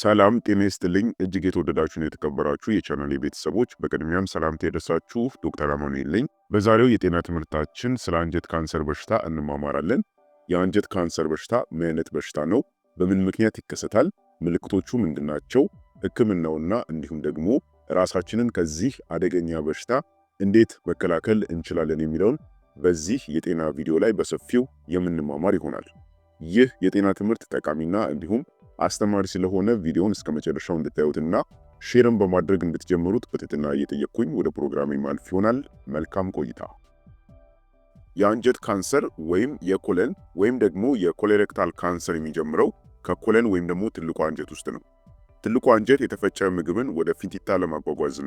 ሰላም ጤና ይስጥልኝ እጅግ የተወደዳችሁን የተከበራችሁ የቻናል ቤተሰቦች፣ በቅድሚያም ሰላምታ የደረሳችሁ ዶክተር አማኑኤል ነኝ። በዛሬው የጤና ትምህርታችን ስለ አንጀት ካንሰር በሽታ እንማማራለን። የአንጀት ካንሰር በሽታ ምን አይነት በሽታ ነው? በምን ምክንያት ይከሰታል? ምልክቶቹ ምንድናቸው? ሕክምናውና እንዲሁም ደግሞ ራሳችንን ከዚህ አደገኛ በሽታ እንዴት መከላከል እንችላለን የሚለውን በዚህ የጤና ቪዲዮ ላይ በሰፊው የምንማማር ይሆናል። ይህ የጤና ትምህርት ጠቃሚና እንዲሁም አስተማሪ ስለሆነ ቪዲዮውን እስከ መጨረሻው እንድታዩትና ሼርም በማድረግ እንድትጀምሩት በትህትና እየጠየቅኩኝ ወደ ፕሮግራሜ ማልፍ ይሆናል። መልካም ቆይታ። የአንጀት ካንሰር ወይም የኮለን ወይም ደግሞ የኮሌሬክታል ካንሰር የሚጀምረው ከኮለን ወይም ደግሞ ትልቁ አንጀት ውስጥ ነው። ትልቁ አንጀት የተፈጨ ምግብን ወደ ፊንቲታ ለማጓጓዝ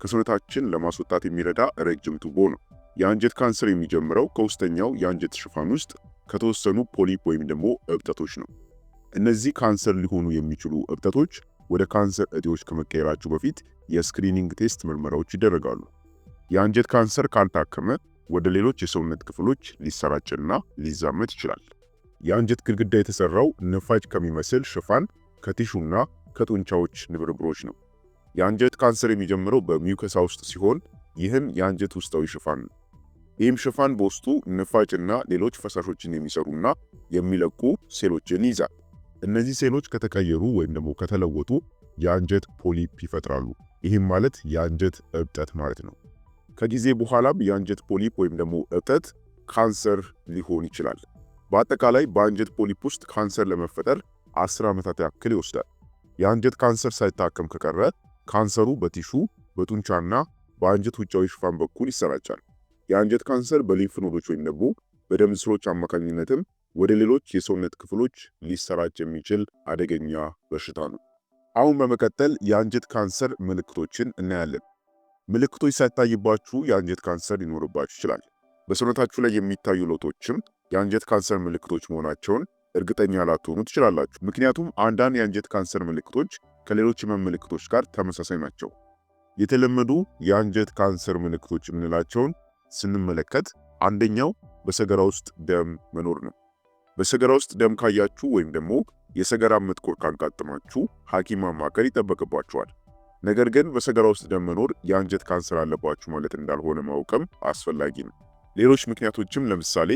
ከሰውነታችን ለማስወጣት የሚረዳ ረጅም ቱቦ ነው። የአንጀት ካንሰር የሚጀምረው ከውስጠኛው የአንጀት ሽፋን ውስጥ ከተወሰኑ ፖሊፕ ወይም ደግሞ እብጠቶች ነው። እነዚህ ካንሰር ሊሆኑ የሚችሉ እብጠቶች ወደ ካንሰር እጢዎች ከመቀየራቸው በፊት የስክሪኒንግ ቴስት ምርመራዎች ይደረጋሉ። የአንጀት ካንሰር ካልታከመ ወደ ሌሎች የሰውነት ክፍሎች ሊሰራጭና ሊዛመት ይችላል። የአንጀት ግድግዳ የተሰራው ንፋጭ ከሚመስል ሽፋን ከቲሹና ከጡንቻዎች ንብርብሮች ነው። የአንጀት ካንሰር የሚጀምረው በሚውከሳ ውስጥ ሲሆን ይህም የአንጀት ውስጣዊ ሽፋን ነው። ይህም ሽፋን በውስጡ ንፋጭና ሌሎች ፈሳሾችን የሚሰሩና የሚለቁ ሴሎችን ይይዛል። እነዚህ ሴሎች ከተቀየሩ ወይም ደግሞ ከተለወጡ የአንጀት ፖሊፕ ይፈጥራሉ። ይህም ማለት የአንጀት እብጠት ማለት ነው። ከጊዜ በኋላም የአንጀት ፖሊፕ ወይም ደግሞ እብጠት ካንሰር ሊሆን ይችላል። በአጠቃላይ በአንጀት ፖሊፕ ውስጥ ካንሰር ለመፈጠር 10 ዓመታት ያክል ይወስዳል። የአንጀት ካንሰር ሳይታከም ከቀረ ካንሰሩ በቲሹ በጡንቻና በአንጀት ውጫዊ ሽፋን በኩል ይሰራጫል። የአንጀት ካንሰር በሊምፍ ኖዶች ወይም ደግሞ በደም ስሮች አማካኝነትም ወደ ሌሎች የሰውነት ክፍሎች ሊሰራጭ የሚችል አደገኛ በሽታ ነው። አሁን በመቀጠል የአንጀት ካንሰር ምልክቶችን እናያለን። ምልክቶች ሳይታይባችሁ የአንጀት ካንሰር ሊኖርባችሁ ይችላል። በሰውነታችሁ ላይ የሚታዩ ለውጦችም የአንጀት ካንሰር ምልክቶች መሆናቸውን እርግጠኛ ላትሆኑ ትችላላችሁ። ምክንያቱም አንዳንድ የአንጀት ካንሰር ምልክቶች ከሌሎች ህመም ምልክቶች ጋር ተመሳሳይ ናቸው። የተለመዱ የአንጀት ካንሰር ምልክቶች የምንላቸውን ስንመለከት አንደኛው በሰገራ ውስጥ ደም መኖር ነው። በሰገራ ውስጥ ደም ካያችሁ ወይም ደግሞ የሰገራ ምጥ ካጋጠማችሁ ሐኪም ማማከር ይጠበቅባችኋል። ነገር ግን በሰገራ ውስጥ ደም መኖር የአንጀት ካንሰር አለባችሁ ማለት እንዳልሆነ ማወቅም አስፈላጊ ነው። ሌሎች ምክንያቶችም ለምሳሌ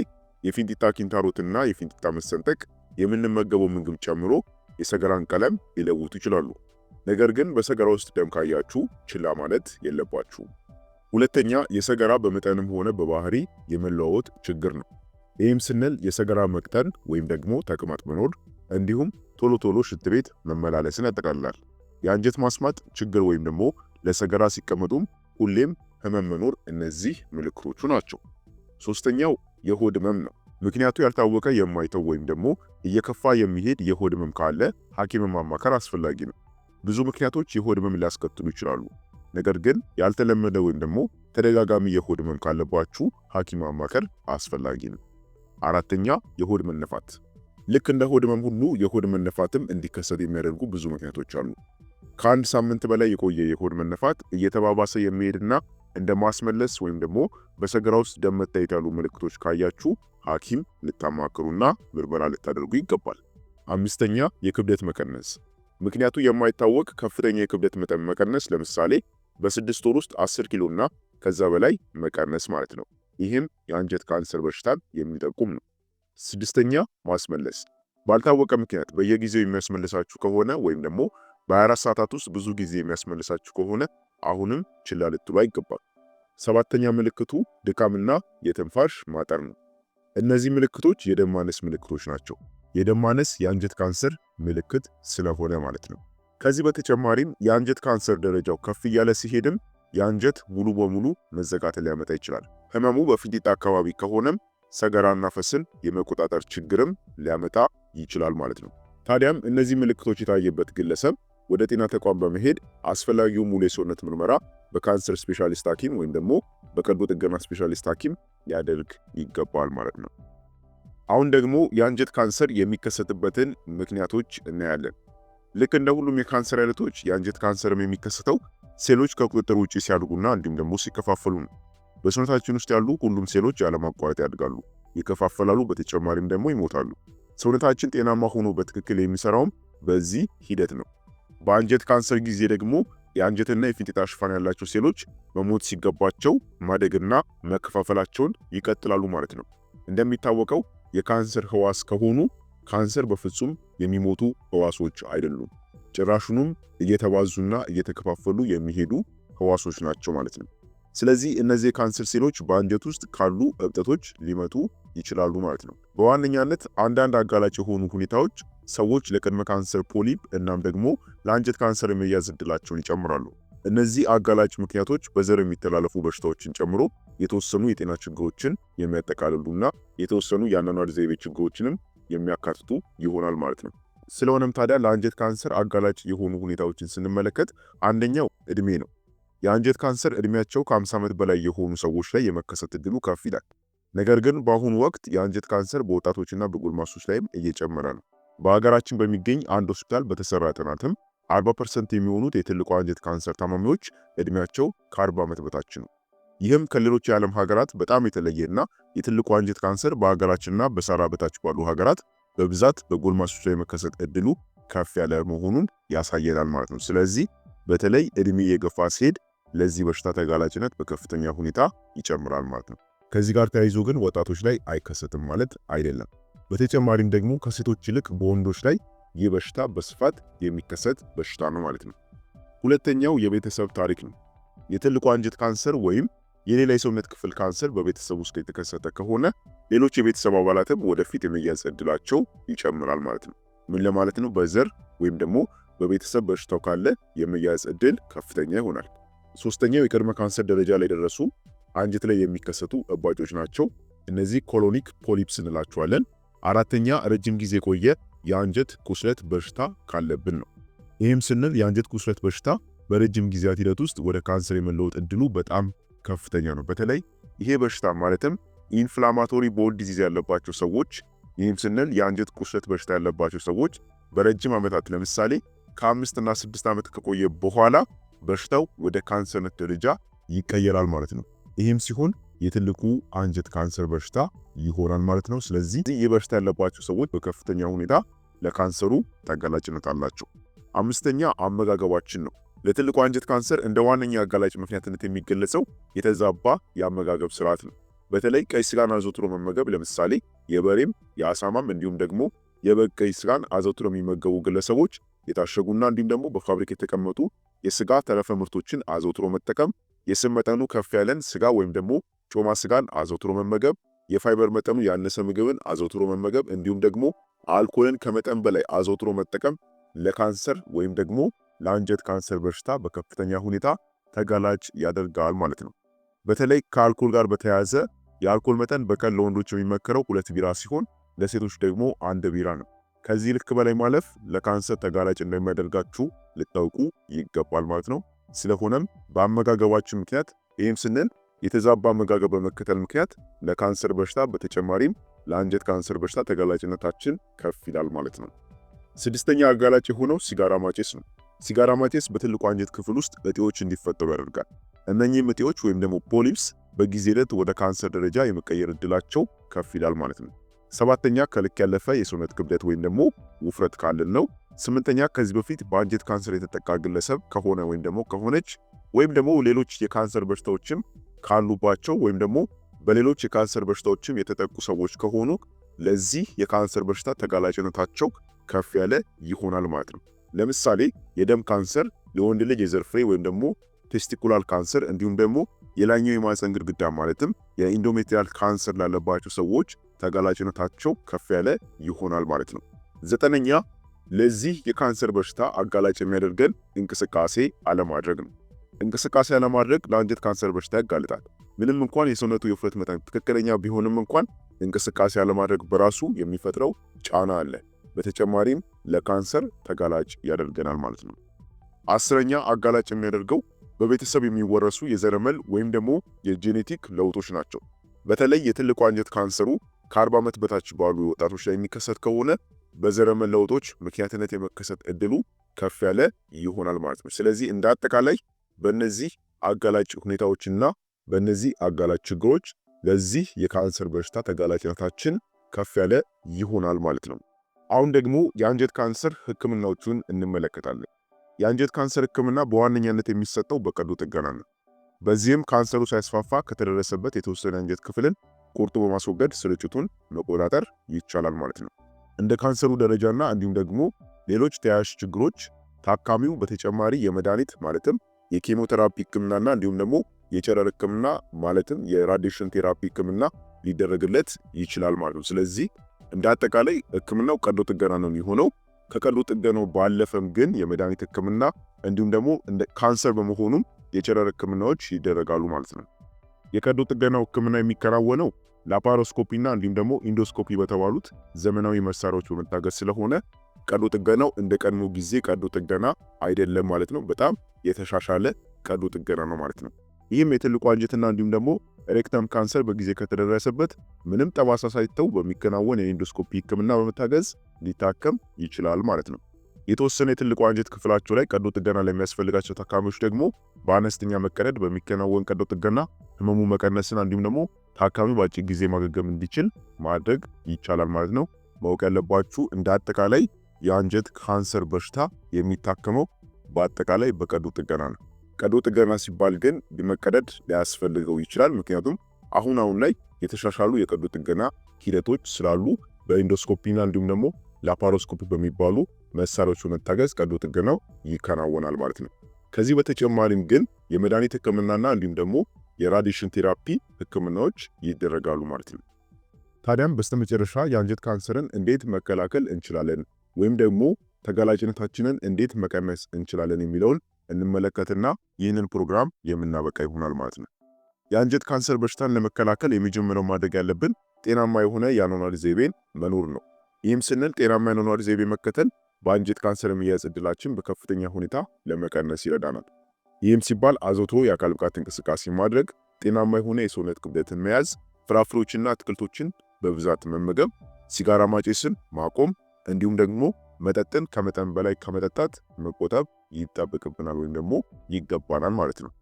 የፊንጢጣ ኪንታሮትና የፊንጢጣ መሰንጠቅ የምንመገበው ምግብ ጨምሮ የሰገራን ቀለም ሊለውጡ ይችላሉ። ነገር ግን በሰገራ ውስጥ ደም ካያችሁ ችላ ማለት የለባችሁ። ሁለተኛ የሰገራ በመጠንም ሆነ በባህሪ የመለዋወጥ ችግር ነው። ይህም ስንል የሰገራ መቅጠን ወይም ደግሞ ተቅማጥ መኖር እንዲሁም ቶሎ ቶሎ ሽንት ቤት መመላለስን ያጠቃልላል። የአንጀት ማስማጥ ችግር ወይም ደግሞ ለሰገራ ሲቀመጡም ሁሌም ህመም መኖር እነዚህ ምልክቶቹ ናቸው። ሶስተኛው የሆድ ህመም ነው። ምክንያቱ ያልታወቀ የማይተው ወይም ደግሞ እየከፋ የሚሄድ የሆድ ህመም ካለ ሐኪምን ማማከር አስፈላጊ ነው። ብዙ ምክንያቶች የሆድ ህመም ሊያስከትሉ ይችላሉ። ነገር ግን ያልተለመደ ወይም ደግሞ ተደጋጋሚ የሆድ ህመም ካለባችሁ ሐኪም ማማከር አስፈላጊ ነው። አራተኛ የሆድ መነፋት። ልክ እንደ ሆድ ህመም ሁሉ የሆድ መነፋትም እንዲከሰት የሚያደርጉ ብዙ ምክንያቶች አሉ። ከአንድ ሳምንት በላይ የቆየ የሆድ መነፋት እየተባባሰ የሚሄድና እንደ ማስመለስ ወይም ደግሞ በሰገራ ውስጥ ደም መታየት ያሉ ምልክቶች ካያችሁ ሐኪም ልታማክሩና ምርመራ ልታደርጉ ይገባል። አምስተኛ የክብደት መቀነስ። ምክንያቱ የማይታወቅ ከፍተኛ የክብደት መጠን መቀነስ፣ ለምሳሌ በስድስት ወር ውስጥ 10 ኪሎና ከዛ በላይ መቀነስ ማለት ነው። ይህም የአንጀት ካንሰር በሽታን የሚጠቁም ነው። ስድስተኛ ማስመለስ ባልታወቀ ምክንያት በየጊዜው የሚያስመልሳችሁ ከሆነ ወይም ደግሞ በ24 ሰዓታት ውስጥ ብዙ ጊዜ የሚያስመልሳችሁ ከሆነ አሁንም ችላ ልትሉ አይገባል። ሰባተኛ ምልክቱ ድካምና የትንፋሽ ማጠር ነው። እነዚህ ምልክቶች የደም ማነስ ምልክቶች ናቸው። የደም ማነስ የአንጀት ካንሰር ምልክት ስለሆነ ማለት ነው። ከዚህ በተጨማሪም የአንጀት ካንሰር ደረጃው ከፍ እያለ ሲሄድም የአንጀት ሙሉ በሙሉ መዘጋትን ሊያመጣ ይችላል። ህመሙ በፊንጢጣ አካባቢ ከሆነም ሰገራና ፈስን የመቆጣጠር ችግርም ሊያመጣ ይችላል ማለት ነው። ታዲያም እነዚህ ምልክቶች የታየበት ግለሰብ ወደ ጤና ተቋም በመሄድ አስፈላጊው ሙሉ የሰውነት ምርመራ በካንሰር ስፔሻሊስት ሐኪም ወይም ደግሞ በቀዶ ጥገና ስፔሻሊስት ሐኪም ሊያደርግ ይገባል ማለት ነው። አሁን ደግሞ የአንጀት ካንሰር የሚከሰትበትን ምክንያቶች እናያለን። ልክ እንደ ሁሉም የካንሰር አይነቶች የአንጀት ካንሰርም የሚከሰተው ሴሎች ከቁጥጥር ውጭ ሲያድጉና እንዲሁም ደግሞ ሲከፋፈሉ ነው። በሰውነታችን ውስጥ ያሉ ሁሉም ሴሎች ያለማቋረጥ ያድጋሉ፣ ይከፋፈላሉ፣ በተጨማሪም ደግሞ ይሞታሉ። ሰውነታችን ጤናማ ሆኖ በትክክል የሚሰራውም በዚህ ሂደት ነው። በአንጀት ካንሰር ጊዜ ደግሞ የአንጀትና የፊንጢጣ ሽፋን ያላቸው ሴሎች መሞት ሲገባቸው ማደግና መከፋፈላቸውን ይቀጥላሉ ማለት ነው። እንደሚታወቀው የካንሰር ህዋስ ከሆኑ ካንሰር በፍጹም የሚሞቱ ህዋሶች አይደሉም። ጭራሹንም እየተባዙና እየተከፋፈሉ የሚሄዱ ህዋሶች ናቸው ማለት ነው። ስለዚህ እነዚህ የካንሰር ሴሎች በአንጀት ውስጥ ካሉ እብጠቶች ሊመጡ ይችላሉ ማለት ነው። በዋነኛነት አንዳንድ አጋላጭ የሆኑ ሁኔታዎች ሰዎች ለቅድመ ካንሰር ፖሊፕ እናም ደግሞ ለአንጀት ካንሰር የመያዝ እድላቸውን ይጨምራሉ። እነዚህ አጋላጭ ምክንያቶች በዘር የሚተላለፉ በሽታዎችን ጨምሮ የተወሰኑ የጤና ችግሮችን የሚያጠቃልሉና የተወሰኑ የአኗኗር ዘይቤ ችግሮችንም የሚያካትቱ ይሆናል ማለት ነው። ስለሆነም ታዲያ ለአንጀት ካንሰር አጋላጭ የሆኑ ሁኔታዎችን ስንመለከት አንደኛው እድሜ ነው። የአንጀት ካንሰር እድሜያቸው ከ50 ዓመት በላይ የሆኑ ሰዎች ላይ የመከሰት እድሉ ከፍ ይላል። ነገር ግን በአሁኑ ወቅት የአንጀት ካንሰር በወጣቶችና በጎልማሶች ላይም እየጨመረ ነው። በሀገራችን በሚገኝ አንድ ሆስፒታል በተሰራ ጥናትም 40 ፐርሰንት የሚሆኑት የትልቁ አንጀት ካንሰር ታማሚዎች እድሜያቸው ከ40 ዓመት በታች ነው። ይህም ከሌሎች የዓለም ሀገራት በጣም የተለየና የትልቁ አንጀት ካንሰር በሀገራችንና በሰሃራ በታች ባሉ ሀገራት በብዛት በጎልማሶች ላይ የመከሰት እድሉ ከፍ ያለ መሆኑን ያሳየናል ማለት ነው። ስለዚህ በተለይ እድሜ የገፋ ሲሄድ ለዚህ በሽታ ተጋላጭነት በከፍተኛ ሁኔታ ይጨምራል ማለት ነው። ከዚህ ጋር ተያይዞ ግን ወጣቶች ላይ አይከሰትም ማለት አይደለም። በተጨማሪም ደግሞ ከሴቶች ይልቅ በወንዶች ላይ ይህ በሽታ በስፋት የሚከሰት በሽታ ነው ማለት ነው። ሁለተኛው የቤተሰብ ታሪክ ነው። የትልቁ አንጀት ካንሰር ወይም የሌላ የሰውነት ክፍል ካንሰር በቤተሰብ ውስጥ የተከሰተ ከሆነ ሌሎች የቤተሰብ አባላትም ወደፊት የመያዝ እድላቸው ይጨምራል ማለት ነው። ምን ለማለት ነው? በዘር ወይም ደግሞ በቤተሰብ በሽታው ካለ የመያዝ እድል ከፍተኛ ይሆናል። ሶስተኛው የቅድመ ካንሰር ደረጃ ላይ የደረሱ አንጀት ላይ የሚከሰቱ እባጮች ናቸው። እነዚህ ኮሎኒክ ፖሊፕስ እንላቸዋለን። አራተኛ ረጅም ጊዜ የቆየ የአንጀት ቁስለት በሽታ ካለብን ነው። ይህም ስንል የአንጀት ቁስለት በሽታ በረጅም ጊዜያት ሂደት ውስጥ ወደ ካንሰር የመለወጥ እድሉ በጣም ከፍተኛ ነው። በተለይ ይሄ በሽታ ማለትም ኢንፍላማቶሪ ቦል ዲዚዝ ያለባቸው ሰዎች፣ ይህም ስንል የአንጀት ቁስለት በሽታ ያለባቸው ሰዎች በረጅም ዓመታት ለምሳሌ ከአምስት እና ስድስት ዓመት ከቆየ በኋላ በሽታው ወደ ካንሰርነት ደረጃ ይቀየራል ማለት ነው። ይህም ሲሆን የትልቁ አንጀት ካንሰር በሽታ ይሆናል ማለት ነው። ስለዚህ ይህ በሽታ ያለባቸው ሰዎች በከፍተኛ ሁኔታ ለካንሰሩ ተጋላጭነት አላቸው። አምስተኛ አመጋገባችን ነው። ለትልቁ አንጀት ካንሰር እንደ ዋነኛ አጋላጭ ምክንያትነት የሚገለጸው የተዛባ የአመጋገብ ስርዓት ነው። በተለይ ቀይ ስጋን አዘውትሮ መመገብ ለምሳሌ የበሬም የአሳማም እንዲሁም ደግሞ የበግ ቀይ ስጋን አዘውትሮ የሚመገቡ ግለሰቦች የታሸጉና እንዲሁም ደግሞ በፋብሪካ የተቀመጡ የስጋ ተረፈ ምርቶችን አዘውትሮ መጠቀም፣ የስብ መጠኑ ከፍ ያለን ስጋ ወይም ደግሞ ጮማ ስጋን አዘውትሮ መመገብ፣ የፋይበር መጠኑ ያነሰ ምግብን አዘውትሮ መመገብ እንዲሁም ደግሞ አልኮልን ከመጠን በላይ አዘውትሮ መጠቀም ለካንሰር ወይም ደግሞ ለአንጀት ካንሰር በሽታ በከፍተኛ ሁኔታ ተጋላጭ ያደርጋል ማለት ነው። በተለይ ከአልኮል ጋር በተያያዘ የአልኮል መጠን በቀን ለወንዶች የሚመከረው ሁለት ቢራ ሲሆን ለሴቶች ደግሞ አንድ ቢራ ነው። ከዚህ ልክ በላይ ማለፍ ለካንሰር ተጋላጭ እንደሚያደርጋችሁ ልታውቁ ይገባል ማለት ነው። ስለሆነም በአመጋገባችን ምክንያት ይህም ስንል የተዛባ አመጋገብ በመከተል ምክንያት ለካንሰር በሽታ በተጨማሪም ለአንጀት ካንሰር በሽታ ተጋላጭነታችን ከፍ ይላል ማለት ነው። ስድስተኛ አጋላጭ የሆነው ሲጋራ ማጨስ ነው። ሲጋራ ማጨስ በትልቁ አንጀት ክፍል ውስጥ እጢዎች እንዲፈጠሩ ያደርጋል። እነኚህም እጢዎች ወይም ደግሞ ፖሊፕስ በጊዜ ዕለት ወደ ካንሰር ደረጃ የመቀየር እድላቸው ከፍ ይላል ማለት ነው። ሰባተኛ ከልክ ያለፈ የሰውነት ክብደት ወይም ደግሞ ውፍረት ካለን ነው። ስምንተኛ ከዚህ በፊት በአንጀት ካንሰር የተጠቃ ግለሰብ ከሆነ ወይም ደግሞ ከሆነች ወይም ደግሞ ሌሎች የካንሰር በሽታዎችም ካሉባቸው ወይም ደግሞ በሌሎች የካንሰር በሽታዎችም የተጠቁ ሰዎች ከሆኑ ለዚህ የካንሰር በሽታ ተጋላጭነታቸው ከፍ ያለ ይሆናል ማለት ነው። ለምሳሌ የደም ካንሰር፣ የወንድ ልጅ የዘር ፍሬ ወይም ደግሞ ቴስቲኩላል ካንሰር እንዲሁም ደግሞ የላይኛው የማህፀን ግድግዳ ማለትም የኢንዶሜትሪያል ካንሰር ላለባቸው ሰዎች ተጋላጭነታቸው ከፍ ያለ ይሆናል ማለት ነው። ዘጠነኛ ለዚህ የካንሰር በሽታ አጋላጭ የሚያደርገን እንቅስቃሴ አለማድረግ ነው። እንቅስቃሴ አለማድረግ ለአንጀት ካንሰር በሽታ ያጋልጣል። ምንም እንኳን የሰውነቱ የውፍረት መጠን ትክክለኛ ቢሆንም እንኳን እንቅስቃሴ አለማድረግ በራሱ የሚፈጥረው ጫና አለ። በተጨማሪም ለካንሰር ተጋላጭ ያደርገናል ማለት ነው። አስረኛ አጋላጭ የሚያደርገው በቤተሰብ የሚወረሱ የዘረመል ወይም ደግሞ የጄኔቲክ ለውጦች ናቸው። በተለይ የትልቁ አንጀት ካንሰሩ ከ40 ዓመት በታች ባሉ ወጣቶች ላይ የሚከሰት ከሆነ በዘረመን ለውጦች ምክንያትነት የመከሰት እድሉ ከፍ ያለ ይሆናል ማለት ነው። ስለዚህ እንደ አጠቃላይ በእነዚህ አጋላጭ ሁኔታዎችና በእነዚህ አጋላጭ ችግሮች ለዚህ የካንሰር በሽታ ተጋላጭነታችን ከፍ ያለ ይሆናል ማለት ነው። አሁን ደግሞ የአንጀት ካንሰር ህክምናዎቹን እንመለከታለን። የአንጀት ካንሰር ህክምና በዋነኛነት የሚሰጠው በቀዶ ጥገና ነው። በዚህም ካንሰሩ ሳይስፋፋ ከተደረሰበት የተወሰነ አንጀት ክፍልን ቆርጦ በማስወገድ ስርጭቱን መቆጣጠር ይቻላል ማለት ነው። እንደ ካንሰሩ ደረጃና እንዲሁም ደግሞ ሌሎች ተያያዥ ችግሮች ታካሚው በተጨማሪ የመድኃኒት ማለትም የኬሞቴራፒ ሕክምናና እንዲሁም ደግሞ የጨረር ህክምና ማለትም የራዲሽን ቴራፒ ህክምና ሊደረግለት ይችላል ማለት ነው። ስለዚህ እንደ አጠቃላይ ህክምናው ቀዶ ጥገና ነው የሚሆነው። ከቀዶ ጥገናው ባለፈም ግን የመድኃኒት ህክምና እንዲሁም ደግሞ እንደ ካንሰር በመሆኑም የጨረር ህክምናዎች ይደረጋሉ ማለት ነው። የቀዶ ጥገናው ህክምና የሚከናወነው ላፓሮስኮፒና እንዲሁም ደግሞ ኢንዶስኮፒ በተባሉት ዘመናዊ መሳሪያዎች በመታገዝ ስለሆነ ቀዶ ጥገናው እንደ ቀድሞ ጊዜ ቀዶ ጥገና አይደለም ማለት ነው። በጣም የተሻሻለ ቀዶ ጥገና ነው ማለት ነው። ይህም የትልቁ አንጀትና እንዲሁም ደግሞ ሬክተም ካንሰር በጊዜ ከተደረሰበት ምንም ጠባሳ ሳይተው በሚከናወን የኢንዶስኮፒ ሕክምና በመታገዝ ሊታከም ይችላል ማለት ነው። የተወሰነ የትልቁ አንጀት ክፍላቸው ላይ ቀዶ ጥገና ለሚያስፈልጋቸው ታካሚዎች ደግሞ በአነስተኛ መቀደድ በሚከናወን ቀዶ ጥገና ህመሙ መቀነስን እንዲሁም ደግሞ ታካሚው በአጭር ጊዜ ማገገም እንዲችል ማድረግ ይቻላል ማለት ነው። ማወቅ ያለባችሁ እንደ አጠቃላይ የአንጀት ካንሰር በሽታ የሚታከመው በአጠቃላይ በቀዶ ጥገና ነው። ቀዶ ጥገና ሲባል ግን ቢመቀደድ ሊያስፈልገው ይችላል። ምክንያቱም አሁን አሁን ላይ የተሻሻሉ የቀዶ ጥገና ሂደቶች ስላሉ በኢንዶስኮፒና እንዲሁም ደግሞ ላፓሮስኮፒ በሚባሉ መሳሪያዎች በመታገዝ ቀዶ ጥገናው ይከናወናል ማለት ነው። ከዚህ በተጨማሪም ግን የመድኃኒት ሕክምናና እንዲሁም ደግሞ የራዲሽን ቴራፒ ህክምናዎች ይደረጋሉ ማለት ነው። ታዲያም በስተመጨረሻ የአንጀት ካንሰርን እንዴት መከላከል እንችላለን ወይም ደግሞ ተጋላጭነታችንን እንዴት መቀነስ እንችላለን የሚለውን እንመለከትና ይህንን ፕሮግራም የምናበቃ ይሆናል ማለት ነው። የአንጀት ካንሰር በሽታን ለመከላከል የመጀመሪያው ማድረግ ያለብን ጤናማ የሆነ የአኗኗር ዘይቤን መኖር ነው። ይህም ስንል ጤናማ የአኗኗር ዘይቤ መከተል በአንጀት ካንሰር የመያዝ እድላችን በከፍተኛ ሁኔታ ለመቀነስ ይረዳናል። ይህም ሲባል አዘውትሮ የአካል ብቃት እንቅስቃሴ ማድረግ፣ ጤናማ የሆነ የሰውነት ክብደትን መያዝ፣ ፍራፍሬዎችና አትክልቶችን በብዛት መመገብ፣ ሲጋራ ማጨስን ማቆም እንዲሁም ደግሞ መጠጥን ከመጠን በላይ ከመጠጣት መቆጠብ ይጠበቅብናል ወይም ደግሞ ይገባናል ማለት ነው።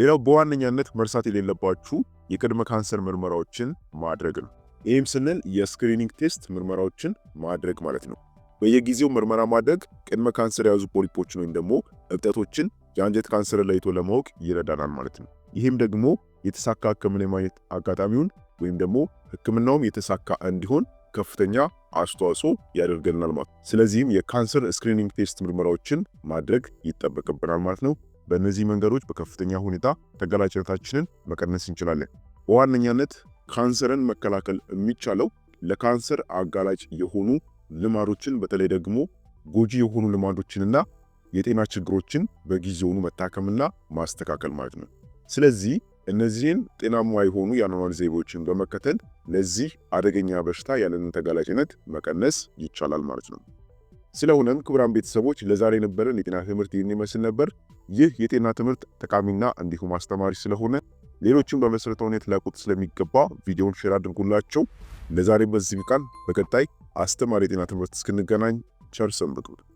ሌላው በዋነኛነት መርሳት የሌለባችሁ የቅድመ ካንሰር ምርመራዎችን ማድረግ ነው። ይህም ስንል የስክሪኒንግ ቴስት ምርመራዎችን ማድረግ ማለት ነው። በየጊዜው ምርመራ ማድረግ ቅድመ ካንሰር የያዙ ፖሊፖችን ወይም ደግሞ እብጠቶችን የአንጀት ካንሰር ለይቶ ለማወቅ ይረዳናል ማለት ነው። ይህም ደግሞ የተሳካ ህክምና የማግኘት አጋጣሚውን ወይም ደግሞ ህክምናውም የተሳካ እንዲሆን ከፍተኛ አስተዋጽኦ ያደርገልናል ማለት ነው። ስለዚህም የካንሰር ስክሪኒንግ ቴስት ምርመራዎችን ማድረግ ይጠበቅብናል ማለት ነው። በእነዚህ መንገዶች በከፍተኛ ሁኔታ ተጋላጭነታችንን መቀነስ እንችላለን። በዋነኛነት ካንሰርን መከላከል የሚቻለው ለካንሰር አጋላጭ የሆኑ ልማዶችን በተለይ ደግሞ ጎጂ የሆኑ ልማዶችንና የጤና ችግሮችን በጊዜውኑ መታከምና ማስተካከል ማለት ነው። ስለዚህ እነዚህን ጤናማ የሆኑ የአኗኗር ዘይቤዎችን በመከተል ለዚህ አደገኛ በሽታ ያለንን ተጋላጭነት መቀነስ ይቻላል ማለት ነው። ስለሆነም ክቡራን ቤተሰቦች ለዛሬ የነበረን የጤና ትምህርት ይህን ይመስል ነበር። ይህ የጤና ትምህርት ጠቃሚና እንዲሁም አስተማሪ ስለሆነ ሌሎችን በመሰረተ ሁኔታ ሊያውቁት ስለሚገባ ቪዲዮውን ሼር አድርጉላቸው። ለዛሬ በዚህ ቢቃን። በቀጣይ አስተማሪ የጤና ትምህርት እስክንገናኝ ቸር ሰንብቱ።